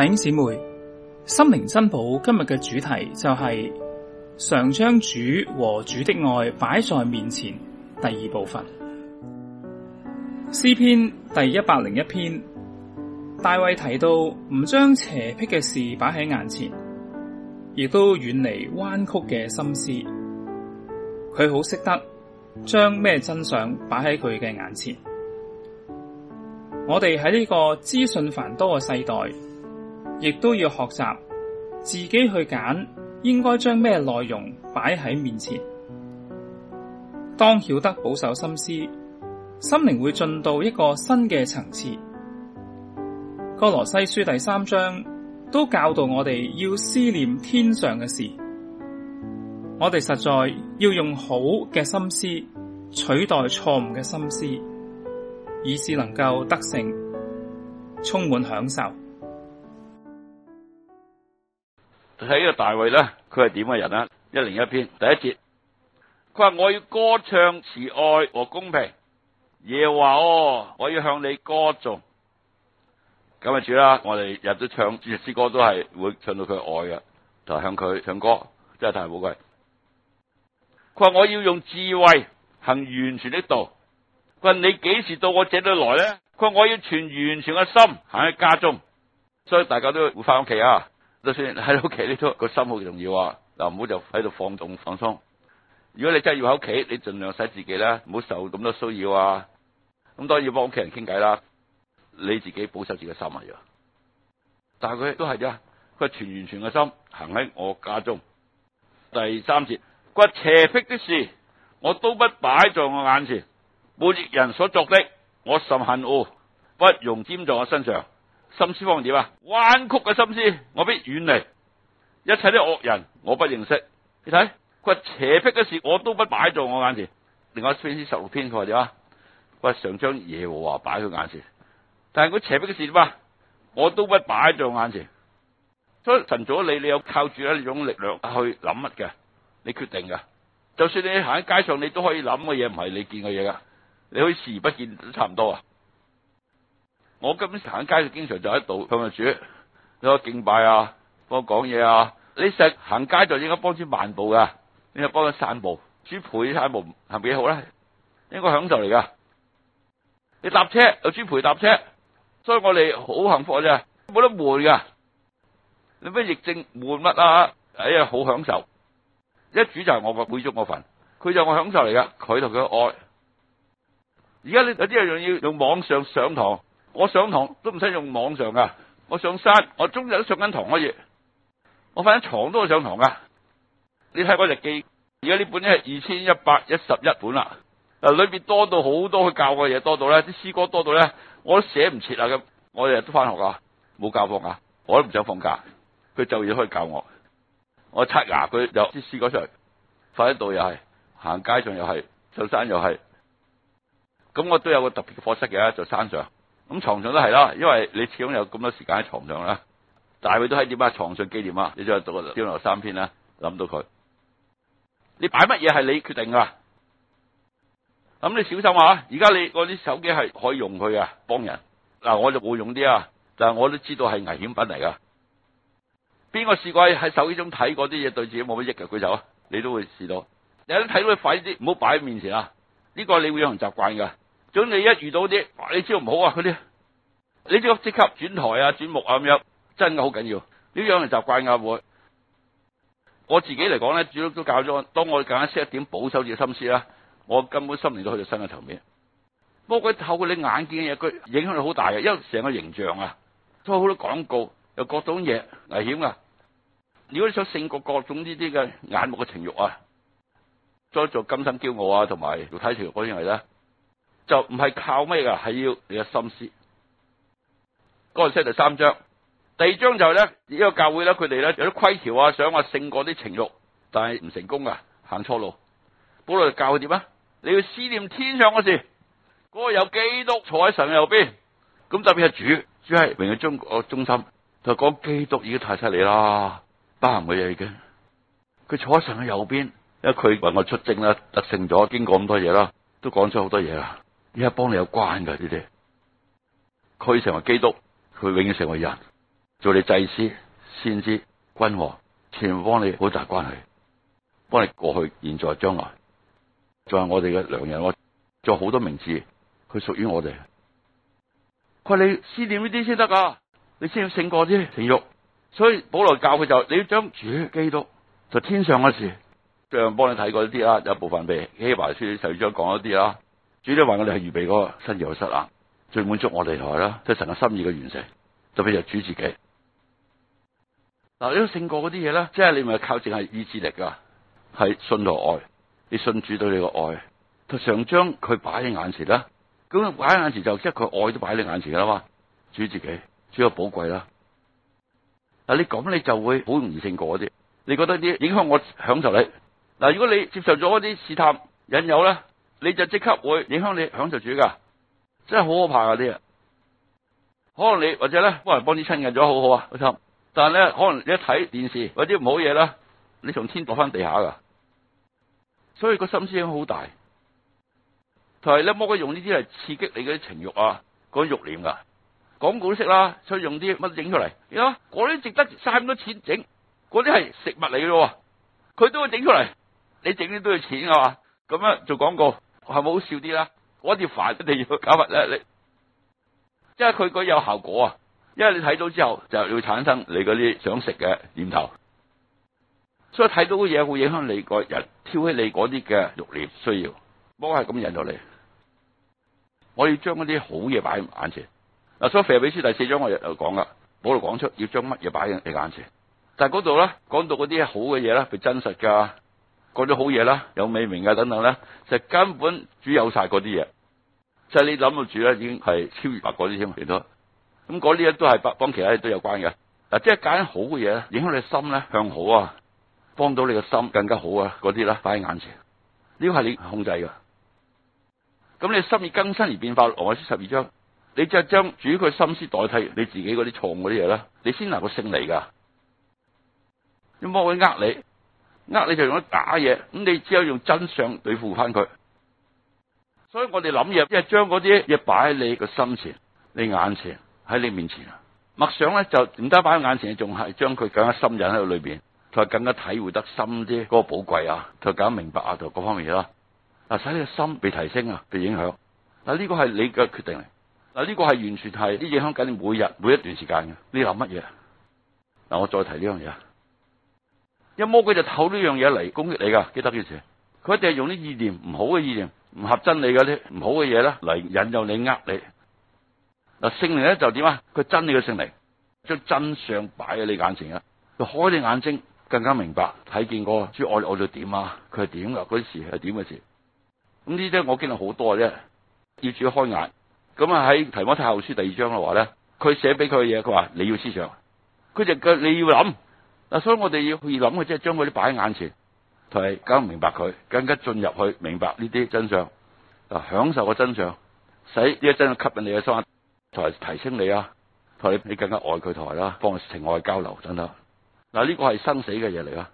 弟兄姊妹，心靈珍寶今日嘅主題就係、是、常將主和主的愛擺在面前。第二部分，詩篇第一百零一篇，大衛提到唔將邪僻嘅事擺喺眼前，亦都遠離彎曲嘅心思。佢好識得將咩真相擺喺佢嘅眼前。我哋喺呢個資訊繁多嘅世代。亦都要學習自己去揀，應該將咩內容擺喺面前。當曉得保守心思，心靈會進到一個新嘅層次。哥羅西書第三章都教導我哋要思念天上嘅事。我哋實在要用好嘅心思取代錯誤嘅心思，以致能夠得勝，充滿享受。睇個大衛咧，佢係點嘅人啊？一零一篇第一節，佢話我要歌唱慈愛和公平，耶和華啊，我要向你歌頌。咁啊，主啦，我哋日日都唱主耶穌歌，都係會唱到佢愛嘅，就係、向佢唱歌，真係太寶貴。佢話我要用智慧行完全的道。佢話你幾時到我這裏來咧？佢話我要存完全嘅心行喺家中。所以大家都會翻屋企啊！就算喺屋企，你都個心好重要啊！嗱，唔好就喺度放縱放鬆。如果你真係要喺屋企，你盡量使自己啦，唔好受咁多騷擾。啊，咁當然要幫屋企人傾偈啦。你自己保守自己嘅心啊！但係佢都係啫，佢全完全嘅心行喺我家中。第三節，佢邪僻的事我都不擺在我眼前，每人所作的我甚恨惡，不容沾在我身上。心思方面啊？彎曲嘅心思我必遠離，一切啲惡人我不認識。你睇佢話邪僻嘅事我都不擺在我眼前。另外詩篇十六篇話點啊？佢話常將耶和華擺喺眼前，但係佢邪僻嘅事點啊？我都不擺在我的眼前。所以神造咗你，你有靠住一種力量去諗乜嘅？你決定噶。就算你行喺街上，你都可以諗嘅嘢唔係你見嘅嘢噶。你可以視而不見都差唔多啊。我根本行街度，經常就喺度向佢主，有個敬拜啊，幫我講嘢啊。你成日行街就應該幫主漫步噶，你又幫佢散步，主陪散步係咪幾好咧？應該享受嚟噶。你搭車又主陪搭車，所以我哋好幸福啫，冇得悶噶。你咩疫症悶乜啊？哎呀，好享受，一主就係我個杯足我份，佢就我享受嚟噶，佢同佢愛。而家你有啲人仲要用網上上堂。我上堂都唔使用，用網上噶，我上山，我終日都上緊堂嘅嘢。我瞓喺床都會上堂噶你睇我日記，而家呢本呢係二千一百一十一本啦，裏裏邊多到好多佢教嘅嘢多到咧，啲詩歌多到咧，我都寫唔切啦咁。我日日都返學啊，冇教課，我都唔想放假。佢就要去教我，我刷牙佢有啲詩歌出嚟，翻喺度又係行街上又係上山又係，咁我都有個特別嘅課室嘅，就山上。咁床上都係啦，因為你始終有咁多時間喺床上啦，但佢都係點啊？床上紀念啊！你再度個《天流三篇》啦，諗到佢。你擺乜嘢係你決定㗎？咁你小心啊！而家你嗰啲手機係可以用佢啊，幫人嗱，我就冇用啲啊，但係我都知道係危險品嚟噶。邊個試過喺手機中睇嗰啲嘢，對自己冇乜益嘅？舉手啊！你都會試到，有睇到佢快啲，唔好擺喺面前啊！呢、這個你會用習慣噶。總你一遇到啲你知道唔好啊，嗰啲你知要即刻轉台啊、轉目啊咁樣，真係好緊要。呢樣嘢習慣嘅會，我自己嚟講咧，主都教咗，當我哋更加識一點保守住心思啦，我根本心靈都去到新嘅層面。魔鬼透過你眼見嘅嘢，佢影響力好大嘅，因為成個形象啊，都好多廣告有各種嘢危險啊。如果你想勝過各種呢啲嘅眼目嘅情欲啊，再做今生驕傲啊，同埋肉體情慾，我認為就唔係靠咩噶，係要你嘅心思。嗰陣時第三章，第二章就係咧，呢個教會咧，佢哋咧有啲規條啊，想話勝過啲情欲，但係唔成功啊，行錯路。本來教佢點啊？你要思念天上嗰事。嗰個，有基督坐喺神嘅右邊，咁特別係主，主係榮嘅中中心。就講基督已經太出嚟啦，得閒嘅嘢已經。佢坐喺神嘅右邊，因為佢為我出征啦，得勝咗，經過咁多嘢啦，都講咗好多嘢啦。而家幫你有關嘅呢啲，佢成為基督，佢永遠成為人，做你祭司，先知、君王，全部幫你好大關係，幫你過去、現在、將來，仲有我哋嘅良人，仲有好多名字，佢屬於我哋。佢話你思念呢啲先得啊，你先要勝過啲情欲。所以保羅教佢就是你要將主基督，就天上嘅事，就幫你睇過啲啦，有一部分俾希華書上章講咗啲啊。主咧話我哋係預備嗰個新約室失啊，最滿足我哋台啦，即係神嘅心意嘅完成，就比如主自己。嗱，你勝過嗰啲嘢咧，即係你咪靠淨係意志力啊，係信到愛，你信主對你嘅愛，常將佢擺喺眼前啦。咁擺喺眼前就即係佢愛都擺喺你眼前噶啦嘛，主自己，主有寶貴啦。嗱，你咁你就會好容易勝過啲。你覺得啲影響我享受你嗱？如果你接受咗嗰啲試探引誘咧？你就即刻會影響你享受主嘅，真係好可怕嗰啲啊！可能你或者咧幫人幫你親近咗好好啊，好心，但係咧可能你一睇電視或者唔好嘢啦，你從天落翻地下噶，所以個心思好大。同埋咧，魔鬼用呢啲嚟刺激你嗰啲情慾啊，嗰啲慾念噶廣告都識啦，所以用啲乜整出嚟，啊，嗰啲值得嘥咁多錢整，嗰啲係食物嚟㗎喎，佢都會整出嚟，你整啲都要錢㗎嘛，啊，咁樣做廣告。係咪好笑啲啦？嗰條煩一定要搞乜咧？你，因為佢個有效果啊，因為你睇到之後就要產生你嗰啲想食嘅念頭，所以睇到嘅嘢會影響你個人挑起你嗰啲嘅肉念需要，魔係咁引導你。我要將嗰啲好嘢擺喺眼前。嗱，所以腓立比書第四章我又講啦，㗎，冇度講出要將乜嘢擺喺你眼前，但係嗰度咧講到嗰啲好嘅嘢咧，佢真實噶。講咗好嘢啦，有美名啊等等咧，就根本主有晒嗰啲嘢，就係、你諗到主咧，已經係超越白嗰啲添，最多。咁啲咧都係幫其他嘢都有關嘅。嗱，即係揀好嘅嘢咧，影響你心咧向好啊，幫到你嘅心更加好啊，嗰啲啦，擺喺眼前，呢個係你控制㗎。咁你心意更新而變化，羅馬書十二章，你就將主佢心思代替你自己嗰啲錯嗰啲嘢咧，你先能夠勝利㗎。你唔好去呃你。呃你就用咗假嘢，咁你只有用真相對付翻佢。所以我哋諗嘢即係將嗰啲嘢擺喺你個心前、你眼前、喺你面前。默想咧就唔單擺喺眼前，仲係將佢更加深入喺裏邊，就更加體會得深啲嗰個寶貴啊，就更加明白啊，就各方面嘢啦。嗱，使你嘅心被提升啊，被影響。嗱，呢個係你嘅決定嚟。嗱，呢個係完全係啲影響緊你每日每一段時間嘅。你諗乜嘢？嗱，我再提呢樣嘢。一冇佢就透呢樣嘢嚟攻擊你噶，幾得意嘅事！佢一定係用啲意念唔好嘅意念，唔合真理嘅啲唔好嘅嘢咧，嚟引誘你呃你。嗱，聖靈呢咧就點啊？佢真理嘅聖靈，將真相擺喺你眼前啊！佢開你眼睛，更加明白，睇見嗰個主愛愛到點啊！佢係點噶？嗰啲事係點嘅事？咁呢啲我見到好多嘅，要主要開眼。咁啊喺提摩太後書第二章嘅話咧，佢寫俾佢嘅嘢，佢話你要思想，佢就叫你要諗。嗱，所以我哋要去諗嘅，即係將佢啲擺喺眼前，同埋更加明白佢，更加進入去明白呢啲真相，享受個真相，使呢個真相吸引你嘅心，同埋提升你啊，同你你更加愛佢，同埋啦，幫情愛交流等等。嗱，呢個係生死嘅嘢嚟啊！